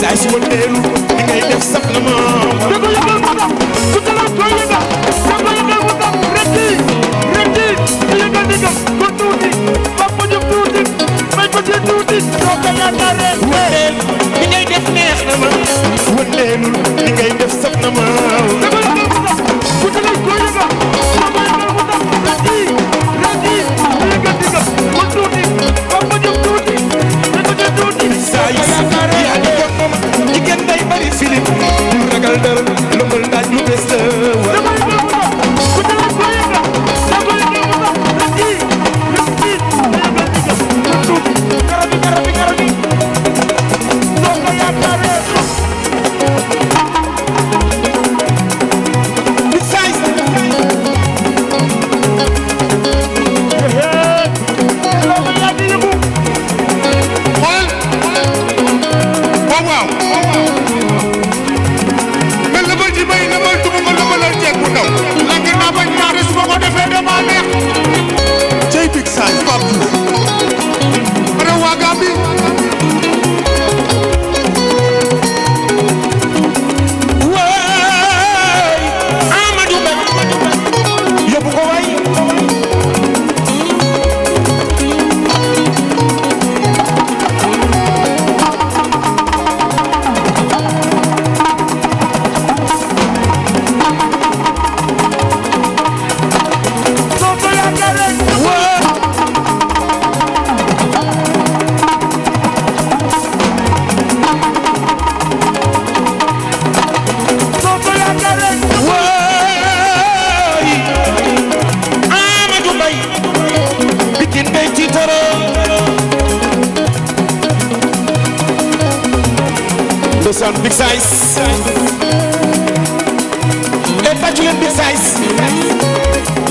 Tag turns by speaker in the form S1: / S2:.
S1: saay su ma leelu li ngay def saf na ma da ko yëgal mu da ko yëgal mu dam rekki rekki di yëgal di gam ko tuuti ba ko jëm tuuti may ko ci tuuti soo def neex na ma wëleelul waaw mel na ba ci bay na ba tubu ma lu ma ndeysaan big size e tàccu leen big size